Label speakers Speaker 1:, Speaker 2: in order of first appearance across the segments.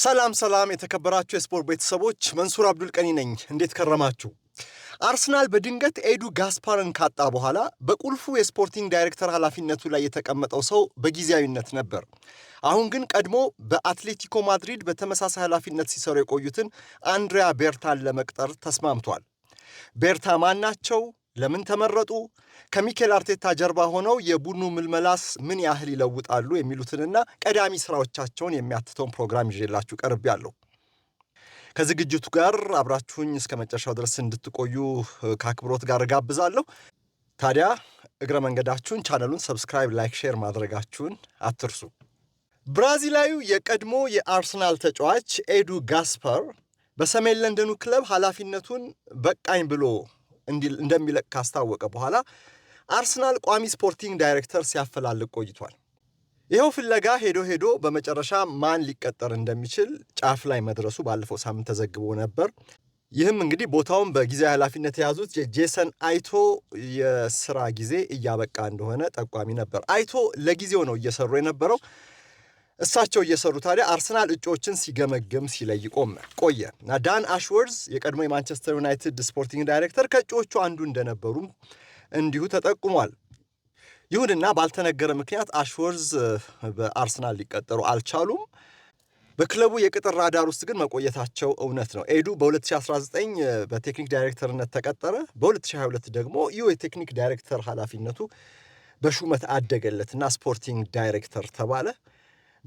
Speaker 1: ሰላም ሰላም የተከበራችሁ የስፖርት ቤተሰቦች መንሱር አብዱል ነኝ። እንዴት ከረማችሁ? አርሰናል በድንገት ኤዱ ጋስፓርን ካጣ በኋላ በቁልፉ የስፖርቲንግ ዳይሬክተር ኃላፊነቱ ላይ የተቀመጠው ሰው በጊዜያዊነት ነበር። አሁን ግን ቀድሞ በአትሌቲኮ ማድሪድ በተመሳሳይ ኃላፊነት ሲሰሩ የቆዩትን አንድሪያ ቤርታን ለመቅጠር ተስማምቷል። ቤርታ ማን ናቸው? ለምን ተመረጡ? ከሚኬል አርቴታ ጀርባ ሆነው የቡድኑ ምልመላስ ምን ያህል ይለውጣሉ? የሚሉትንና ቀዳሚ ስራዎቻቸውን የሚያትተውን ፕሮግራም ይዤላችሁ ያለው ከዝግጅቱ ጋር አብራችሁኝ እስከ መጨረሻው ድረስ እንድትቆዩ ከአክብሮት ጋር እጋብዛለሁ። ታዲያ እግረ መንገዳችሁን ቻነሉን ሰብስክራይብ፣ ላይክ፣ ሼር ማድረጋችሁን አትርሱ። ብራዚላዊ የቀድሞ የአርሰናል ተጫዋች ኤዱ ጋስፐር በሰሜን ለንደኑ ክለብ ኃላፊነቱን በቃኝ ብሎ እንደሚለቅ ካስታወቀ በኋላ አርሰናል ቋሚ ስፖርቲንግ ዳይሬክተር ሲያፈላልቅ ቆይቷል። ይኸው ፍለጋ ሄዶ ሄዶ በመጨረሻ ማን ሊቀጠር እንደሚችል ጫፍ ላይ መድረሱ ባለፈው ሳምንት ተዘግቦ ነበር። ይህም እንግዲህ ቦታውን በጊዜ ኃላፊነት የያዙት የጄሰን አይቶ የስራ ጊዜ እያበቃ እንደሆነ ጠቋሚ ነበር። አይቶ ለጊዜው ነው እየሰሩ የነበረው። እሳቸው እየሰሩ ታዲያ አርሰናል እጩዎችን ሲገመግም ሲለይ ቆመ ቆየ እና ዳን አሽወርዝ የቀድሞ የማንቸስተር ዩናይትድ ስፖርቲንግ ዳይሬክተር ከእጩዎቹ አንዱ እንደነበሩም እንዲሁ ተጠቁሟል። ይሁንና ባልተነገረ ምክንያት አሽወርዝ በአርሰናል ሊቀጠሩ አልቻሉም። በክለቡ የቅጥር ራዳር ውስጥ ግን መቆየታቸው እውነት ነው። ኤዱ በ2019 በቴክኒክ ዳይሬክተርነት ተቀጠረ። በ2022 ደግሞ ይሁ የቴክኒክ ዳይሬክተር ኃላፊነቱ በሹመት አደገለትና ስፖርቲንግ ዳይሬክተር ተባለ።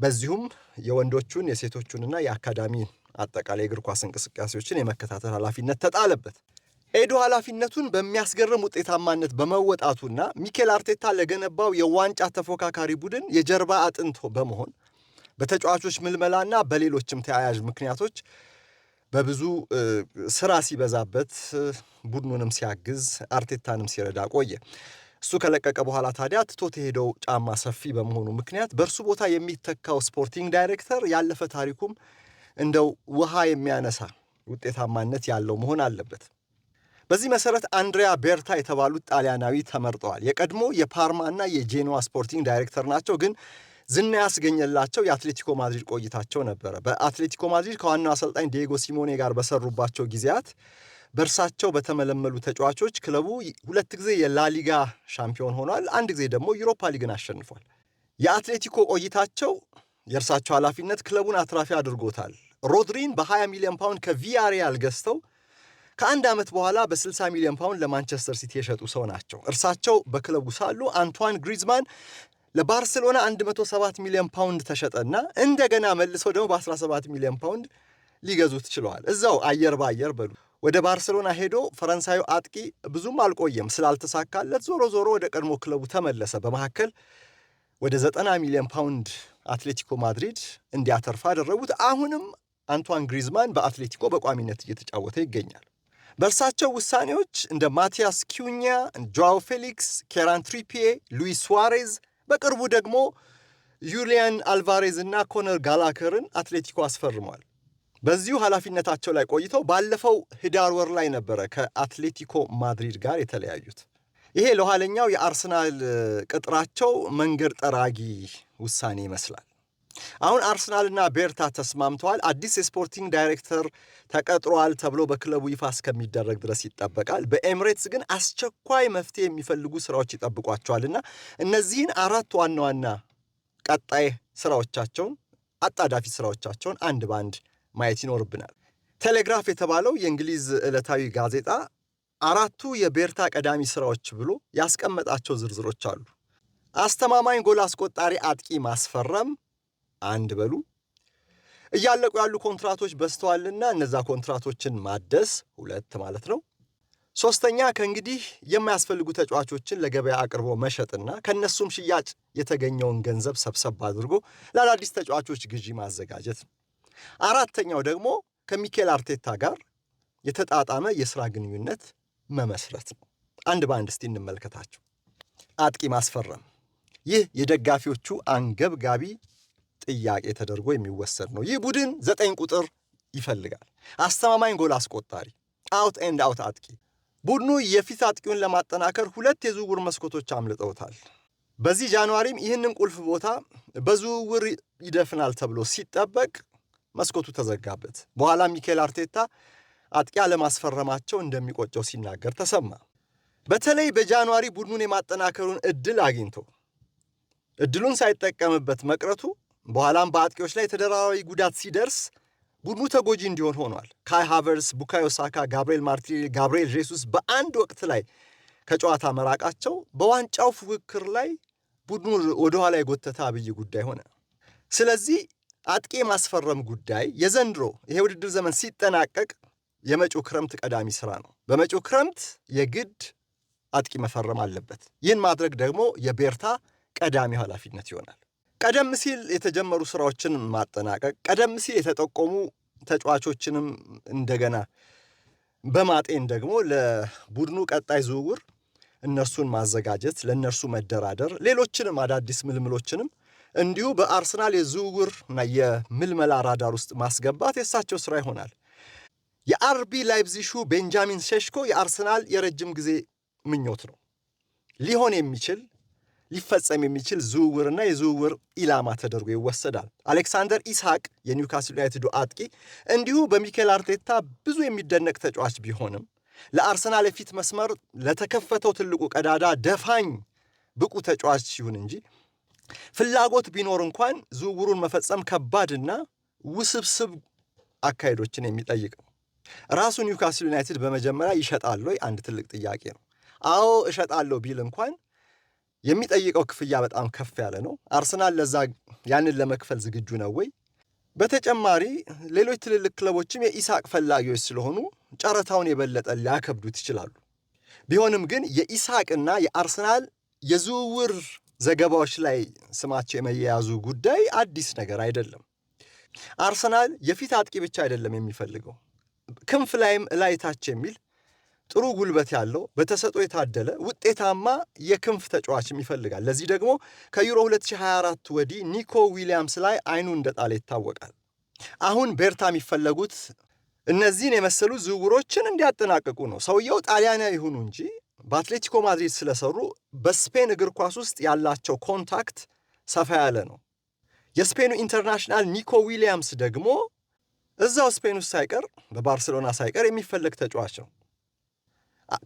Speaker 1: በዚሁም የወንዶቹን የሴቶቹንና የአካዳሚ አጠቃላይ እግር ኳስ እንቅስቃሴዎችን የመከታተል ኃላፊነት ተጣለበት። ኤዶ ኃላፊነቱን በሚያስገርም ውጤታማነት በመወጣቱና ሚኬል አርቴታ ለገነባው የዋንጫ ተፎካካሪ ቡድን የጀርባ አጥንቶ በመሆን በተጫዋቾች ምልመላና በሌሎችም ተያያዥ ምክንያቶች በብዙ ስራ ሲበዛበት ቡድኑንም ሲያግዝ አርቴታንም ሲረዳ ቆየ። እሱ ከለቀቀ በኋላ ታዲያ ትቶት የሄደው ጫማ ሰፊ በመሆኑ ምክንያት በእርሱ ቦታ የሚተካው ስፖርቲንግ ዳይሬክተር ያለፈ ታሪኩም እንደው ውሃ የሚያነሳ ውጤታማነት ያለው መሆን አለበት። በዚህ መሰረት አንድሪያ ቤርታ የተባሉት ጣሊያናዊ ተመርጠዋል። የቀድሞ የፓርማ እና የጄኖዋ ስፖርቲንግ ዳይሬክተር ናቸው ግን ዝና ያስገኘላቸው የአትሌቲኮ ማድሪድ ቆይታቸው ነበረ። በአትሌቲኮ ማድሪድ ከዋናው አሰልጣኝ ዲየጎ ሲሞኔ ጋር በሰሩባቸው ጊዜያት በእርሳቸው በተመለመሉ ተጫዋቾች ክለቡ ሁለት ጊዜ የላሊጋ ሻምፒዮን ሆኗል። አንድ ጊዜ ደግሞ ዩሮፓ ሊግን አሸንፏል። የአትሌቲኮ ቆይታቸው የእርሳቸው ኃላፊነት ክለቡን አትራፊ አድርጎታል። ሮድሪን በ20 ሚሊዮን ፓውንድ ከቪያሪያል ገዝተው ከአንድ ዓመት በኋላ በ60 ሚሊዮን ፓውንድ ለማንቸስተር ሲቲ የሸጡ ሰው ናቸው። እርሳቸው በክለቡ ሳሉ አንቷን ግሪዝማን ለባርሴሎና 107 ሚሊዮን ፓውንድ ተሸጠና እንደገና መልሰው ደግሞ በ17 ሚሊዮን ፓውንድ ሊገዙት ችለዋል። እዛው አየር በአየር በሉ። ወደ ባርሴሎና ሄዶ ፈረንሳዩ አጥቂ ብዙም አልቆየም ስላልተሳካለት ዞሮ ዞሮ ወደ ቀድሞ ክለቡ ተመለሰ። በመካከል ወደ 90 ሚሊዮን ፓውንድ አትሌቲኮ ማድሪድ እንዲያተርፍ አደረጉት። አሁንም አንቷን ግሪዝማን በአትሌቲኮ በቋሚነት እየተጫወተ ይገኛል። በእርሳቸው ውሳኔዎች እንደ ማቲያስ ኪዩኛ፣ ጆዋው ፌሊክስ፣ ኬራን ትሪፒዬ፣ ሉዊስ ሱዋሬዝ በቅርቡ ደግሞ ዩሊያን አልቫሬዝ እና ኮነር ጋላከርን አትሌቲኮ አስፈርሟል። በዚሁ ኃላፊነታቸው ላይ ቆይተው ባለፈው ህዳር ወር ላይ ነበረ ከአትሌቲኮ ማድሪድ ጋር የተለያዩት። ይሄ ለኋለኛው የአርሰናል ቅጥራቸው መንገድ ጠራጊ ውሳኔ ይመስላል። አሁን አርሰናልና ቤርታ ተስማምተዋል። አዲስ የስፖርቲንግ ዳይሬክተር ተቀጥሯል ተብሎ በክለቡ ይፋ እስከሚደረግ ድረስ ይጠበቃል። በኤምሬትስ ግን አስቸኳይ መፍትሄ የሚፈልጉ ስራዎች ይጠብቋቸዋልና እነዚህን አራት ዋና ዋና ቀጣይ ስራዎቻቸውን አጣዳፊ ስራዎቻቸውን አንድ በአንድ ማየት ይኖርብናል። ቴሌግራፍ የተባለው የእንግሊዝ ዕለታዊ ጋዜጣ አራቱ የቤርታ ቀዳሚ ስራዎች ብሎ ያስቀመጣቸው ዝርዝሮች አሉ። አስተማማኝ ጎል አስቆጣሪ አጥቂ ማስፈረም አንድ በሉ፣ እያለቁ ያሉ ኮንትራቶች በዝተዋልና እነዛ ኮንትራቶችን ማደስ ሁለት ማለት ነው። ሶስተኛ ከእንግዲህ የማያስፈልጉ ተጫዋቾችን ለገበያ አቅርቦ መሸጥና ከእነሱም ሽያጭ የተገኘውን ገንዘብ ሰብሰብ አድርጎ ለአዳዲስ ተጫዋቾች ግዢ ማዘጋጀት ነው። አራተኛው ደግሞ ከሚኬል አርቴታ ጋር የተጣጣመ የስራ ግንኙነት መመስረት ነው። አንድ በአንድ እስቲ እንመልከታቸው። አጥቂ ማስፈረም፣ ይህ የደጋፊዎቹ አንገብጋቢ ጥያቄ ተደርጎ የሚወሰድ ነው። ይህ ቡድን ዘጠኝ ቁጥር ይፈልጋል። አስተማማኝ ጎል አስቆጣሪ፣ አውት ኤንድ አውት አጥቂ። ቡድኑ የፊት አጥቂውን ለማጠናከር ሁለት የዝውውር መስኮቶች አምልጠውታል። በዚህ ጃንዋሪም ይህንን ቁልፍ ቦታ በዝውውር ይደፍናል ተብሎ ሲጠበቅ መስኮቱ ተዘጋበት። በኋላ ሚካኤል አርቴታ አጥቂ አለማስፈረማቸው እንደሚቆጨው ሲናገር ተሰማ። በተለይ በጃንዋሪ ቡድኑን የማጠናከሩን እድል አግኝቶ እድሉን ሳይጠቀምበት መቅረቱ በኋላም በአጥቂዎች ላይ ተደራራዊ ጉዳት ሲደርስ ቡድኑ ተጎጂ እንዲሆን ሆኗል። ካይ ሃቨርስ፣ ቡካዮ ሳካ፣ ጋብርኤል ማርቲኔሊ፣ ጋብርኤል ጄሱስ በአንድ ወቅት ላይ ከጨዋታ መራቃቸው በዋንጫው ፉክክር ላይ ቡድኑ ወደኋላ የጎተተ አብይ ጉዳይ ሆነ። ስለዚህ አጥቂ የማስፈረም ጉዳይ የዘንድሮ ይሄ ውድድር ዘመን ሲጠናቀቅ የመጪው ክረምት ቀዳሚ ስራ ነው። በመጪው ክረምት የግድ አጥቂ መፈረም አለበት። ይህን ማድረግ ደግሞ የቤርታ ቀዳሚ ኃላፊነት ይሆናል። ቀደም ሲል የተጀመሩ ስራዎችን ማጠናቀቅ፣ ቀደም ሲል የተጠቆሙ ተጫዋቾችንም እንደገና በማጤን ደግሞ ለቡድኑ ቀጣይ ዝውውር እነርሱን ማዘጋጀት፣ ለእነርሱ መደራደር፣ ሌሎችንም አዳዲስ ምልምሎችንም እንዲሁ በአርሰናል የዝውውር እና የምልመላ ራዳር ውስጥ ማስገባት የእሳቸው ስራ ይሆናል። የአርቢ ላይፕዚሹ ቤንጃሚን ሸሽኮ የአርሰናል የረጅም ጊዜ ምኞት ነው። ሊሆን የሚችል ሊፈጸም የሚችል ዝውውርና የዝውውር ኢላማ ተደርጎ ይወሰዳል። አሌክሳንደር ኢስሐቅ የኒውካስል ዩናይትዱ አጥቂ እንዲሁ በሚኬል አርቴታ ብዙ የሚደነቅ ተጫዋች ቢሆንም ለአርሰናል የፊት መስመር ለተከፈተው ትልቁ ቀዳዳ ደፋኝ ብቁ ተጫዋች ይሁን እንጂ ፍላጎት ቢኖር እንኳን ዝውውሩን መፈጸም ከባድና ውስብስብ አካሄዶችን የሚጠይቅ ነው። ራሱ ኒውካስል ዩናይትድ በመጀመሪያ ይሸጣል ወይ? አንድ ትልቅ ጥያቄ ነው። አዎ እሸጣለሁ ቢል እንኳን የሚጠይቀው ክፍያ በጣም ከፍ ያለ ነው። አርሰናል ለዛ ያንን ለመክፈል ዝግጁ ነው ወይ? በተጨማሪ ሌሎች ትልልቅ ክለቦችም የኢሳቅ ፈላጊዎች ስለሆኑ ጨረታውን የበለጠ ሊያከብዱት ይችላሉ። ቢሆንም ግን የኢሳቅና የአርሰናል የዝውውር ዘገባዎች ላይ ስማቸው የመያያዙ ጉዳይ አዲስ ነገር አይደለም። አርሰናል የፊት አጥቂ ብቻ አይደለም የሚፈልገው ክንፍ ላይም እላይታች የሚል ጥሩ ጉልበት ያለው በተሰጦ የታደለ ውጤታማ የክንፍ ተጫዋችም ይፈልጋል። ለዚህ ደግሞ ከዩሮ 2024 ወዲህ ኒኮ ዊሊያምስ ላይ አይኑ እንደጣለ ይታወቃል። አሁን ቤርታ የሚፈለጉት እነዚህን የመሰሉ ዝውውሮችን እንዲያጠናቅቁ ነው። ሰውየው ጣሊያናዊ ይሁኑ እንጂ በአትሌቲኮ ማድሪድ ስለሰሩ በስፔን እግር ኳስ ውስጥ ያላቸው ኮንታክት ሰፋ ያለ ነው። የስፔኑ ኢንተርናሽናል ኒኮ ዊሊያምስ ደግሞ እዛው ስፔን ውስጥ ሳይቀር በባርሴሎና ሳይቀር የሚፈለግ ተጫዋች ነው።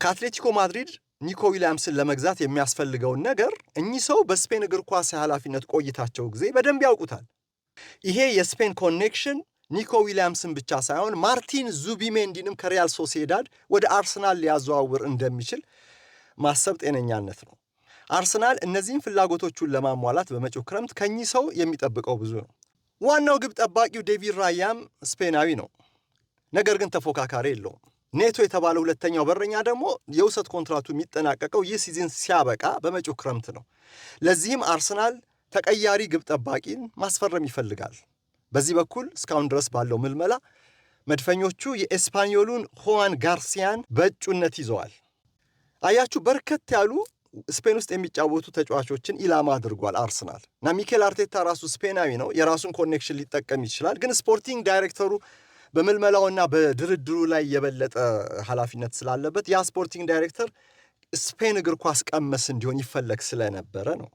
Speaker 1: ከአትሌቲኮ ማድሪድ ኒኮ ዊሊያምስን ለመግዛት የሚያስፈልገውን ነገር እኚህ ሰው በስፔን እግር ኳስ የኃላፊነት ቆይታቸው ጊዜ በደንብ ያውቁታል። ይሄ የስፔን ኮኔክሽን ኒኮ ዊሊያምስን ብቻ ሳይሆን ማርቲን ዙቢሜንዲንም ከሪያል ሶሴዳድ ወደ አርሰናል ሊያዘዋውር እንደሚችል ማሰብ ጤነኛነት ነው። አርሰናል እነዚህን ፍላጎቶቹን ለማሟላት በመጪው ክረምት ከኚህ ሰው የሚጠብቀው ብዙ ነው። ዋናው ግብ ጠባቂው ዴቪድ ራያም ስፔናዊ ነው፣ ነገር ግን ተፎካካሪ የለውም። ኔቶ የተባለ ሁለተኛው በረኛ ደግሞ የውሰት ኮንትራቱ የሚጠናቀቀው ይህ ሲዝን ሲያበቃ በመጪው ክረምት ነው። ለዚህም አርሰናል ተቀያሪ ግብ ጠባቂን ማስፈረም ይፈልጋል። በዚህ በኩል እስካሁን ድረስ ባለው ምልመላ መድፈኞቹ የኤስፓኞሉን ሁዋን ጋርሲያን በእጩነት ይዘዋል። አያችሁ በርከት ያሉ ስፔን ውስጥ የሚጫወቱ ተጫዋቾችን ኢላማ አድርጓል አርሰናል እና ሚኬል አርቴታ ራሱ ስፔናዊ ነው። የራሱን ኮኔክሽን ሊጠቀም ይችላል። ግን ስፖርቲንግ ዳይሬክተሩ በምልመላውና በድርድሩ ላይ የበለጠ ኃላፊነት ስላለበት ያ ስፖርቲንግ ዳይሬክተር ስፔን እግር ኳስ ቀመስ እንዲሆን ይፈለግ ስለነበረ ነው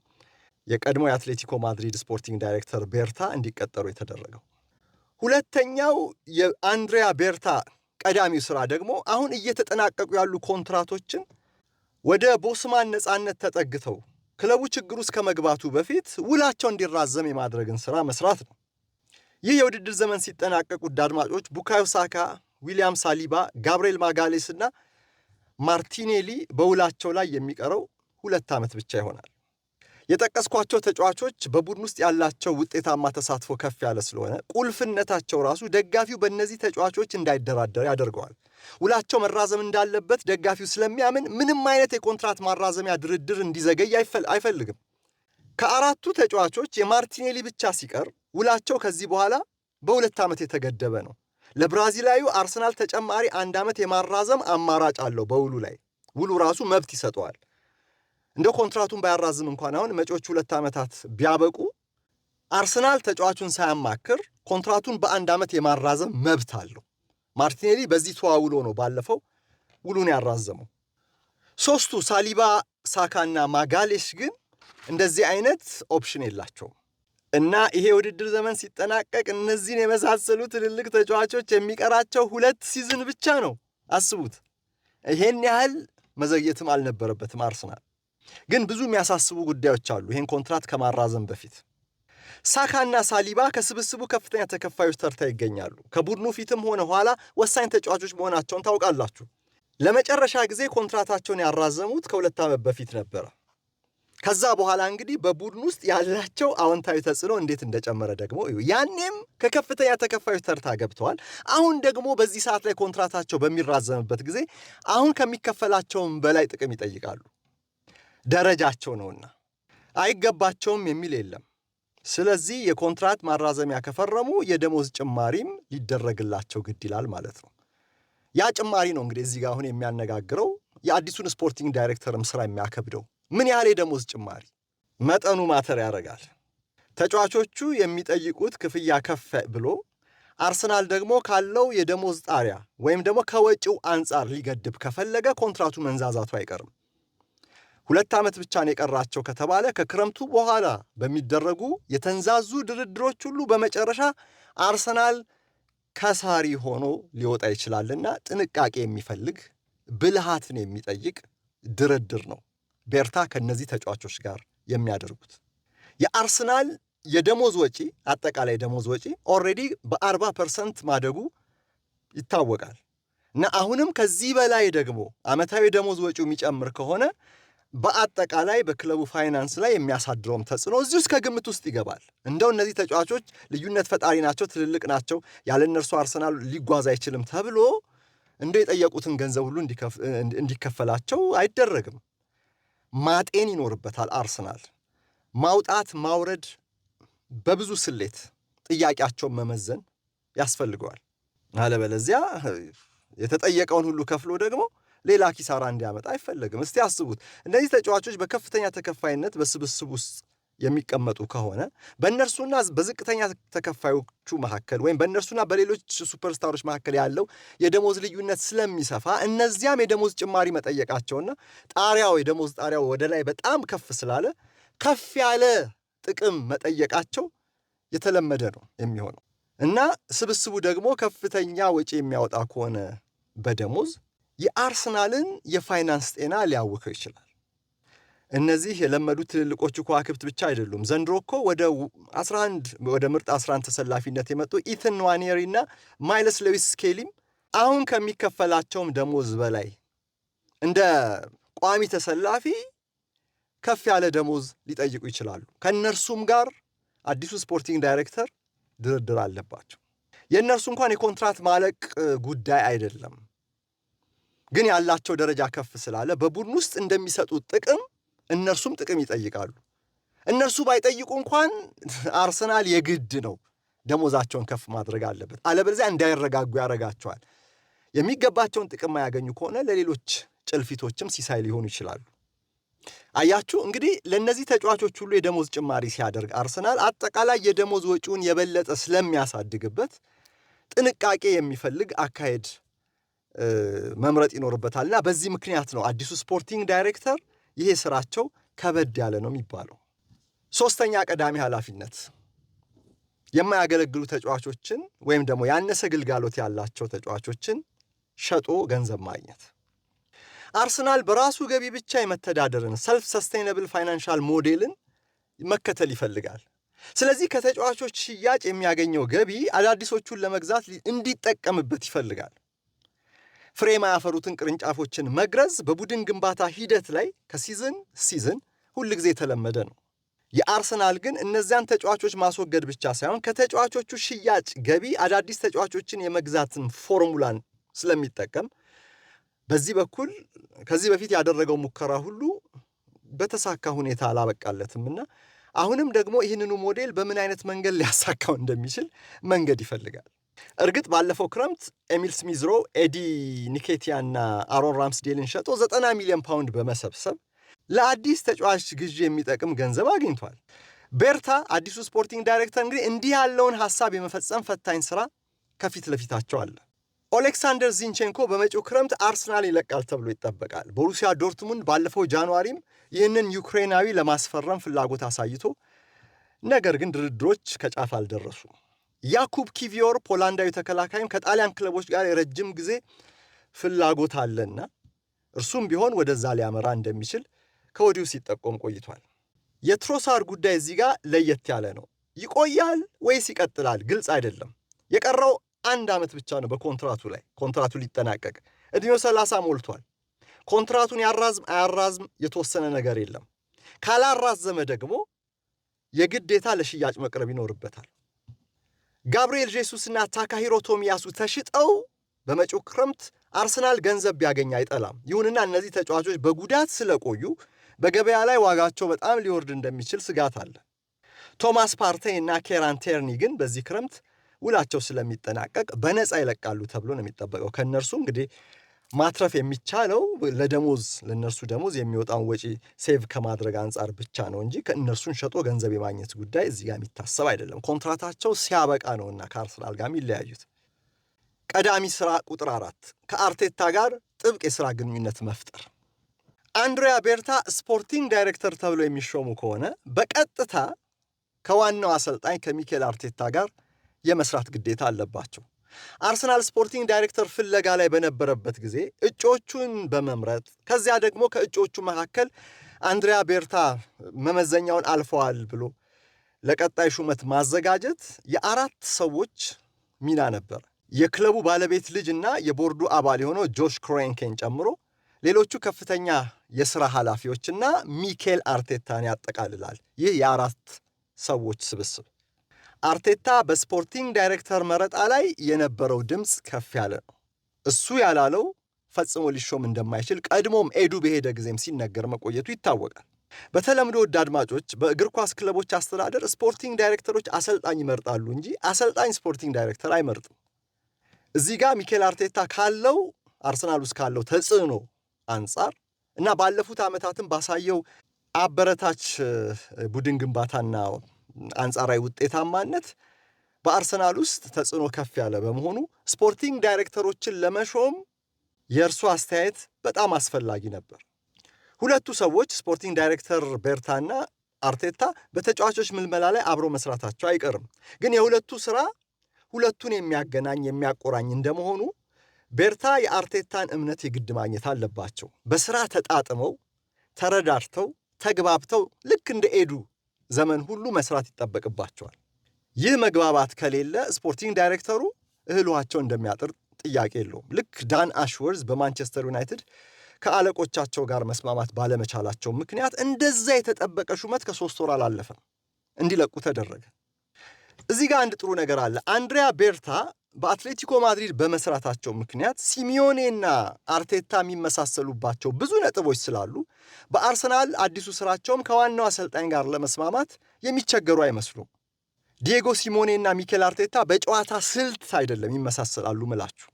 Speaker 1: የቀድሞ የአትሌቲኮ ማድሪድ ስፖርቲንግ ዳይሬክተር ቤርታ እንዲቀጠሩ የተደረገው። ሁለተኛው የአንድሪያ ቤርታ ቀዳሚው ስራ ደግሞ አሁን እየተጠናቀቁ ያሉ ኮንትራቶችን ወደ ቦስማን ነፃነት ተጠግተው ክለቡ ችግር ውስጥ ከመግባቱ በፊት ውላቸው እንዲራዘም የማድረግን ስራ መስራት ነው። ይህ የውድድር ዘመን ሲጠናቀቅ ውድ አድማጮች ቡካዮ ሳካ፣ ዊሊያም ሳሊባ፣ ጋብርኤል ማጋሌስ እና ማርቲኔሊ በውላቸው ላይ የሚቀረው ሁለት ዓመት ብቻ ይሆናል። የጠቀስኳቸው ተጫዋቾች በቡድን ውስጥ ያላቸው ውጤታማ ተሳትፎ ከፍ ያለ ስለሆነ ቁልፍነታቸው ራሱ ደጋፊው በእነዚህ ተጫዋቾች እንዳይደራደር ያደርገዋል። ውላቸው መራዘም እንዳለበት ደጋፊው ስለሚያምን ምንም አይነት የኮንትራት ማራዘሚያ ድርድር እንዲዘገይ አይፈልግም። ከአራቱ ተጫዋቾች የማርቲኔሊ ብቻ ሲቀር ውላቸው ከዚህ በኋላ በሁለት ዓመት የተገደበ ነው። ለብራዚላዊው አርሰናል ተጨማሪ አንድ ዓመት የማራዘም አማራጭ አለው። በውሉ ላይ ውሉ ራሱ መብት ይሰጠዋል። እንደ ኮንትራቱን ባያራዝም እንኳን አሁን መጪዎቹ ሁለት ዓመታት ቢያበቁ አርሰናል ተጫዋቹን ሳያማክር ኮንትራቱን በአንድ ዓመት የማራዘም መብት አለው። ማርቲኔሊ በዚህ ተዋውሎ ነው ባለፈው ውሉን ያራዘመው። ሶስቱ ሳሊባ፣ ሳካና ማጋሌሽ ግን እንደዚህ አይነት ኦፕሽን የላቸውም እና ይሄ የውድድር ዘመን ሲጠናቀቅ እነዚህን የመሳሰሉ ትልልቅ ተጫዋቾች የሚቀራቸው ሁለት ሲዝን ብቻ ነው። አስቡት። ይሄን ያህል መዘግየትም አልነበረበትም አርሰናል። ግን ብዙ የሚያሳስቡ ጉዳዮች አሉ። ይህን ኮንትራት ከማራዘም በፊት ሳካና ሳሊባ ከስብስቡ ከፍተኛ ተከፋዮች ተርታ ይገኛሉ። ከቡድኑ ፊትም ሆነ ኋላ ወሳኝ ተጫዋቾች መሆናቸውን ታውቃላችሁ። ለመጨረሻ ጊዜ ኮንትራታቸውን ያራዘሙት ከሁለት ዓመት በፊት ነበረ። ከዛ በኋላ እንግዲህ በቡድን ውስጥ ያላቸው አዎንታዊ ተጽዕኖ እንዴት እንደጨመረ ደግሞ እዩ። ያኔም ከከፍተኛ ተከፋዮች ተርታ ገብተዋል። አሁን ደግሞ በዚህ ሰዓት ላይ ኮንትራታቸው በሚራዘምበት ጊዜ አሁን ከሚከፈላቸውም በላይ ጥቅም ይጠይቃሉ። ደረጃቸው ነውና አይገባቸውም የሚል የለም። ስለዚህ የኮንትራት ማራዘሚያ ከፈረሙ የደሞዝ ጭማሪም ሊደረግላቸው ግድ ይላል ማለት ነው። ያ ጭማሪ ነው እንግዲህ እዚህ ጋር አሁን የሚያነጋግረው የአዲሱን ስፖርቲንግ ዳይሬክተርም ስራ የሚያከብደው ምን ያህል የደሞዝ ጭማሪ መጠኑ ማተር ያደርጋል። ተጫዋቾቹ የሚጠይቁት ክፍያ ከፍ ብሎ አርሰናል ደግሞ ካለው የደሞዝ ጣሪያ ወይም ደግሞ ከወጪው አንጻር ሊገድብ ከፈለገ ኮንትራቱ መንዛዛቱ አይቀርም። ሁለት ዓመት ብቻ ነው የቀራቸው ከተባለ ከክረምቱ በኋላ በሚደረጉ የተንዛዙ ድርድሮች ሁሉ በመጨረሻ አርሰናል ከሳሪ ሆኖ ሊወጣ ይችላልና ጥንቃቄ የሚፈልግ ብልሃትን የሚጠይቅ ድርድር ነው ቤርታ ከነዚህ ተጫዋቾች ጋር የሚያደርጉት። የአርሰናል የደሞዝ ወጪ አጠቃላይ ደሞዝ ወጪ ኦልሬዲ በ ፐርሰንት ማደጉ ይታወቃል እና አሁንም ከዚህ በላይ ደግሞ ዓመታዊ ደሞዝ ወጪው የሚጨምር ከሆነ በአጠቃላይ በክለቡ ፋይናንስ ላይ የሚያሳድረውም ተጽዕኖ እዚህ ውስጥ ከግምት ውስጥ ይገባል። እንደው እነዚህ ተጫዋቾች ልዩነት ፈጣሪ ናቸው፣ ትልልቅ ናቸው፣ ያለ እነርሱ አርሰናል ሊጓዝ አይችልም ተብሎ እንደው የጠየቁትን ገንዘብ ሁሉ እንዲከፈላቸው አይደረግም። ማጤን ይኖርበታል። አርሰናል ማውጣት ማውረድ፣ በብዙ ስሌት ጥያቄያቸውን መመዘን ያስፈልገዋል። አለበለዚያ የተጠየቀውን ሁሉ ከፍሎ ደግሞ ሌላ ኪሳራ እንዲያመጣ አይፈለግም። እስቲ አስቡት እነዚህ ተጫዋቾች በከፍተኛ ተከፋይነት በስብስብ ውስጥ የሚቀመጡ ከሆነ በእነርሱና በዝቅተኛ ተከፋዮቹ መካከል ወይም በእነርሱና በሌሎች ሱፐርስታሮች መካከል ያለው የደሞዝ ልዩነት ስለሚሰፋ እነዚያም የደሞዝ ጭማሪ መጠየቃቸውና ጣሪያው የደሞዝ ጣሪያው ወደ ላይ በጣም ከፍ ስላለ ከፍ ያለ ጥቅም መጠየቃቸው የተለመደ ነው የሚሆነው እና ስብስቡ ደግሞ ከፍተኛ ወጪ የሚያወጣ ከሆነ በደሞዝ የአርሰናልን የፋይናንስ ጤና ሊያውከው ይችላል። እነዚህ የለመዱ ትልልቆቹ ከዋክብት ብቻ አይደሉም። ዘንድሮ እኮ ወደ 11 ወደ ምርጥ 11 ተሰላፊነት የመጡ ኢትን ዋኔሪ እና ማይለስ ሌዊስ ስኬሊም አሁን ከሚከፈላቸውም ደሞዝ በላይ እንደ ቋሚ ተሰላፊ ከፍ ያለ ደሞዝ ሊጠይቁ ይችላሉ። ከእነርሱም ጋር አዲሱ ስፖርቲንግ ዳይሬክተር ድርድር አለባቸው። የእነርሱ እንኳን የኮንትራት ማለቅ ጉዳይ አይደለም። ግን ያላቸው ደረጃ ከፍ ስላለ በቡድን ውስጥ እንደሚሰጡት ጥቅም እነርሱም ጥቅም ይጠይቃሉ። እነርሱ ባይጠይቁ እንኳን አርሰናል የግድ ነው ደሞዛቸውን ከፍ ማድረግ አለበት፣ አለበለዚያ እንዳይረጋጉ ያደርጋቸዋል። የሚገባቸውን ጥቅም ማያገኙ ከሆነ ለሌሎች ጭልፊቶችም ሲሳይ ሊሆኑ ይችላሉ። አያችሁ እንግዲህ ለእነዚህ ተጫዋቾች ሁሉ የደሞዝ ጭማሪ ሲያደርግ አርሰናል አጠቃላይ የደሞዝ ወጪውን የበለጠ ስለሚያሳድግበት ጥንቃቄ የሚፈልግ አካሄድ መምረጥ ይኖርበታል እና በዚህ ምክንያት ነው አዲሱ ስፖርቲንግ ዳይሬክተር ይሄ ስራቸው ከበድ ያለ ነው የሚባለው። ሶስተኛ ቀዳሚ ኃላፊነት የማያገለግሉ ተጫዋቾችን ወይም ደግሞ ያነሰ ግልጋሎት ያላቸው ተጫዋቾችን ሸጦ ገንዘብ ማግኘት። አርሰናል በራሱ ገቢ ብቻ የመተዳደርን ሰልፍ ሰስቴይነብል ፋይናንሻል ሞዴልን መከተል ይፈልጋል። ስለዚህ ከተጫዋቾች ሽያጭ የሚያገኘው ገቢ አዳዲሶቹን ለመግዛት እንዲጠቀምበት ይፈልጋል። ፍሬ የማያፈሩትን ቅርንጫፎችን መግረዝ በቡድን ግንባታ ሂደት ላይ ከሲዝን ሲዝን ሁልጊዜ የተለመደ ነው። የአርሰናል ግን እነዚያን ተጫዋቾች ማስወገድ ብቻ ሳይሆን ከተጫዋቾቹ ሽያጭ ገቢ አዳዲስ ተጫዋቾችን የመግዛትን ፎርሙላን ስለሚጠቀም በዚህ በኩል ከዚህ በፊት ያደረገው ሙከራ ሁሉ በተሳካ ሁኔታ አላበቃለትም እና አሁንም ደግሞ ይህንኑ ሞዴል በምን አይነት መንገድ ሊያሳካው እንደሚችል መንገድ ይፈልጋል። እርግጥ ባለፈው ክረምት ኤሚል ስሚዝሮ ኤዲ ኒኬቲያና አሮን ራምስዴልን ሸጦ 90 ሚሊዮን ፓውንድ በመሰብሰብ ለአዲስ ተጫዋች ግዢ የሚጠቅም ገንዘብ አግኝቷል። ቤርታ አዲሱ ስፖርቲንግ ዳይሬክተር እንግዲህ እንዲህ ያለውን ሀሳብ የመፈጸም ፈታኝ ስራ ከፊት ለፊታቸው አለ። ኦሌክሳንደር ዚንቼንኮ በመጪው ክረምት አርሰናል ይለቃል ተብሎ ይጠበቃል። ቦሩሲያ ዶርትሙንድ ባለፈው ጃንዋሪም ይህንን ዩክሬናዊ ለማስፈረም ፍላጎት አሳይቶ ነገር ግን ድርድሮች ከጫፍ አልደረሱም። ያኩብ ኪቪዮር ፖላንዳዊ ተከላካይም ከጣሊያን ክለቦች ጋር የረጅም ጊዜ ፍላጎት አለና እርሱም ቢሆን ወደዛ ሊያመራ እንደሚችል ከወዲሁ ሲጠቆም ቆይቷል። የትሮሳር ጉዳይ እዚህ ጋር ለየት ያለ ነው። ይቆያል ወይስ ይቀጥላል? ግልጽ አይደለም። የቀረው አንድ ዓመት ብቻ ነው በኮንትራቱ ላይ ኮንትራቱ ሊጠናቀቅ እድሜው ሰላሳ ሞልቷል። ኮንትራቱን ያራዝም አያራዝም የተወሰነ ነገር የለም። ካላራዘመ ደግሞ የግዴታ ለሽያጭ መቅረብ ይኖርበታል። ጋብርኤል ጄሱስና ታካሂሮ ቶሚያሱ ተሽጠው በመጪው ክረምት አርሰናል ገንዘብ ቢያገኝ አይጠላም። ይሁንና እነዚህ ተጫዋቾች በጉዳት ስለቆዩ በገበያ ላይ ዋጋቸው በጣም ሊወርድ እንደሚችል ስጋት አለ። ቶማስ ፓርቴይ እና ኬራን ቴርኒ ግን በዚህ ክረምት ውላቸው ስለሚጠናቀቅ በነፃ ይለቃሉ ተብሎ ነው የሚጠበቀው። ከእነርሱ እንግዲህ ማትረፍ የሚቻለው ለደሞዝ ለእነርሱ ደሞዝ የሚወጣውን ወጪ ሴቭ ከማድረግ አንጻር ብቻ ነው እንጂ ከእነርሱን ሸጦ ገንዘብ የማግኘት ጉዳይ እዚህ ጋር የሚታሰብ አይደለም። ኮንትራታቸው ሲያበቃ እና ከአርሰናል ጋር የሚለያዩት። ቀዳሚ ስራ ቁጥር አራት ከአርቴታ ጋር ጥብቅ የስራ ግንኙነት መፍጠር። አንድሪያ ቤርታ ስፖርቲንግ ዳይሬክተር ተብሎ የሚሾሙ ከሆነ በቀጥታ ከዋናው አሰልጣኝ ከሚኬል አርቴታ ጋር የመስራት ግዴታ አለባቸው። አርሰናል ስፖርቲንግ ዳይሬክተር ፍለጋ ላይ በነበረበት ጊዜ እጩዎቹን በመምረጥ ከዚያ ደግሞ ከእጩዎቹ መካከል አንድሪያ ቤርታ መመዘኛውን አልፈዋል ብሎ ለቀጣይ ሹመት ማዘጋጀት የአራት ሰዎች ሚና ነበር። የክለቡ ባለቤት ልጅ እና የቦርዱ አባል የሆነው ጆሽ ክሮንኬን ጨምሮ ሌሎቹ ከፍተኛ የሥራ ኃላፊዎችና ሚኬል አርቴታን ያጠቃልላል። ይህ የአራት ሰዎች ስብስብ አርቴታ በስፖርቲንግ ዳይሬክተር መረጣ ላይ የነበረው ድምፅ ከፍ ያለ ነው። እሱ ያላለው ፈጽሞ ሊሾም እንደማይችል ቀድሞም ኤዱ በሄደ ጊዜም ሲነገር መቆየቱ ይታወቃል። በተለምዶ ውድ አድማጮች፣ በእግር ኳስ ክለቦች አስተዳደር ስፖርቲንግ ዳይሬክተሮች አሰልጣኝ ይመርጣሉ እንጂ አሰልጣኝ ስፖርቲንግ ዳይሬክተር አይመርጥም። እዚህ ጋር ሚኬል አርቴታ ካለው አርሰናል ውስጥ ካለው ተጽዕኖ አንጻር እና ባለፉት ዓመታትም ባሳየው አበረታች ቡድን ግንባታና አንጻራዊ ውጤታማነት በአርሰናል ውስጥ ተጽዕኖ ከፍ ያለ በመሆኑ ስፖርቲንግ ዳይሬክተሮችን ለመሾም የእርሱ አስተያየት በጣም አስፈላጊ ነበር። ሁለቱ ሰዎች ስፖርቲንግ ዳይሬክተር ቤርታና አርቴታ በተጫዋቾች ምልመላ ላይ አብሮ መስራታቸው አይቀርም። ግን የሁለቱ ስራ ሁለቱን የሚያገናኝ የሚያቆራኝ እንደመሆኑ ቤርታ የአርቴታን እምነት የግድ ማግኘት አለባቸው። በስራ ተጣጥመው ተረዳድተው ተግባብተው ልክ እንደ ኤዱ ዘመን ሁሉ መስራት ይጠበቅባቸዋል። ይህ መግባባት ከሌለ ስፖርቲንግ ዳይሬክተሩ እህልዋቸው እንደሚያጥር ጥያቄ የለውም። ልክ ዳን አሽወርዝ በማንቸስተር ዩናይትድ ከአለቆቻቸው ጋር መስማማት ባለመቻላቸው ምክንያት እንደዛ የተጠበቀ ሹመት ከሶስት ወር አላለፈም እንዲለቁ ተደረገ። እዚህ ጋር አንድ ጥሩ ነገር አለ። አንድሪያ ቤርታ በአትሌቲኮ ማድሪድ በመስራታቸው ምክንያት ሲሚዮኔና አርቴታ የሚመሳሰሉባቸው ብዙ ነጥቦች ስላሉ በአርሰናል አዲሱ ስራቸውም ከዋናው አሰልጣኝ ጋር ለመስማማት የሚቸገሩ አይመስሉም። ዲየጎ ሲሞኔና ሚኬል አርቴታ በጨዋታ ስልት አይደለም ይመሳሰላሉ ምላችሁ።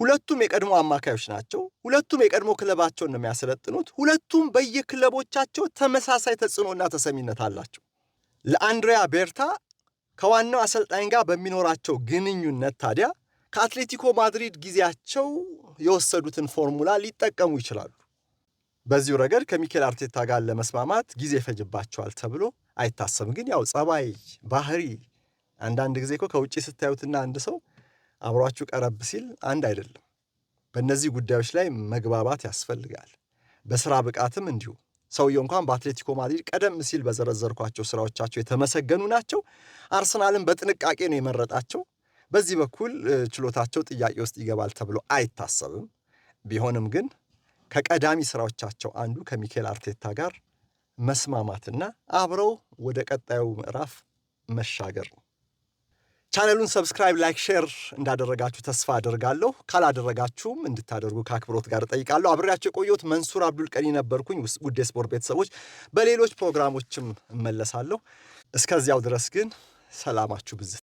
Speaker 1: ሁለቱም የቀድሞ አማካዮች ናቸው። ሁለቱም የቀድሞ ክለባቸውን ነው የሚያሰለጥኑት። ሁለቱም በየክለቦቻቸው ተመሳሳይ ተጽዕኖና ተሰሚነት አላቸው። ለአንድሪያ ቤርታ ከዋናው አሰልጣኝ ጋር በሚኖራቸው ግንኙነት ታዲያ ከአትሌቲኮ ማድሪድ ጊዜያቸው የወሰዱትን ፎርሙላ ሊጠቀሙ ይችላሉ። በዚሁ ረገድ ከሚኬል አርቴታ ጋር ለመስማማት ጊዜ ይፈጅባቸዋል ተብሎ አይታሰብም። ግን ያው ጸባይ፣ ባህሪ አንዳንድ ጊዜ እኮ ከውጭ ስታዩትና አንድ ሰው አብሯችሁ ቀረብ ሲል አንድ አይደለም። በእነዚህ ጉዳዮች ላይ መግባባት ያስፈልጋል። በስራ ብቃትም እንዲሁ ሰውየው እንኳን በአትሌቲኮ ማድሪድ ቀደም ሲል በዘረዘርኳቸው ስራዎቻቸው የተመሰገኑ ናቸው። አርሰናልን በጥንቃቄ ነው የመረጣቸው። በዚህ በኩል ችሎታቸው ጥያቄ ውስጥ ይገባል ተብሎ አይታሰብም። ቢሆንም ግን ከቀዳሚ ስራዎቻቸው አንዱ ከሚኬል አርቴታ ጋር መስማማትና አብረው ወደ ቀጣዩ ምዕራፍ መሻገር ነው። ቻነሉን ሰብስክራይብ፣ ላይክ፣ ሼር እንዳደረጋችሁ ተስፋ አደርጋለሁ። ካላደረጋችሁም እንድታደርጉ ከአክብሮት ጋር እጠይቃለሁ። አብሬያቸው የቆየሁት መንሱር አብዱል ቀኒ ነበርኩኝ። ውድ የስፖርት ቤተሰቦች፣ በሌሎች ፕሮግራሞችም እመለሳለሁ። እስከዚያው ድረስ ግን ሰላማችሁ ብዝት